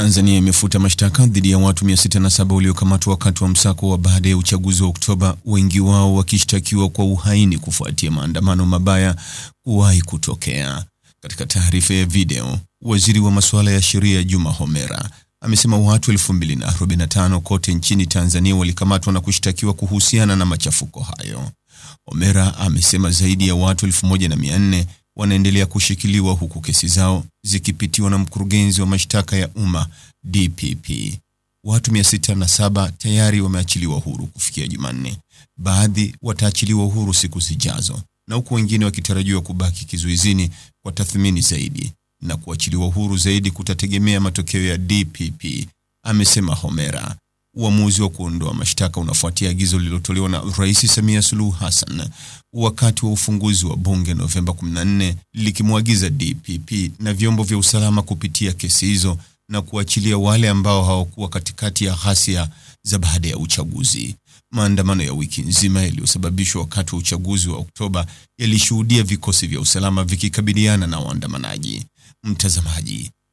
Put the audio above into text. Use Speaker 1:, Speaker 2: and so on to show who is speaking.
Speaker 1: Tanzania imefuta mashtaka dhidi ya watu 607 waliokamatwa wakati wa msako wa baada ya uchaguzi wa Oktoba, wengi wao wakishtakiwa kwa uhaini kufuatia maandamano mabaya kuwahi kutokea. Katika taarifa ya video, Waziri wa masuala ya sheria Juma Homera amesema watu 2045 kote nchini Tanzania walikamatwa na kushtakiwa kuhusiana na machafuko hayo. Homera amesema zaidi ya watu 1400 wanaendelea kushikiliwa huku kesi zao zikipitiwa na mkurugenzi wa mashtaka ya umma DPP. Watu 607 tayari wameachiliwa huru kufikia Jumanne. Baadhi wataachiliwa huru siku zijazo, na huku wengine wakitarajiwa kubaki kizuizini kwa tathmini zaidi, na kuachiliwa huru zaidi kutategemea matokeo ya DPP, amesema Homera. Uamuzi wa kuondoa mashtaka unafuatia agizo lililotolewa na Rais Samia Suluhu Hassan wakati wa ufunguzi wa bunge Novemba 14, likimwagiza DPP na vyombo vya usalama kupitia kesi hizo na kuachilia wale ambao hawakuwa katikati ya ghasia za baada ya uchaguzi. Maandamano ya wiki nzima yaliyosababishwa wakati wa uchaguzi wa Oktoba yalishuhudia vikosi vya usalama vikikabiliana na waandamanaji.
Speaker 2: Mtazamaji,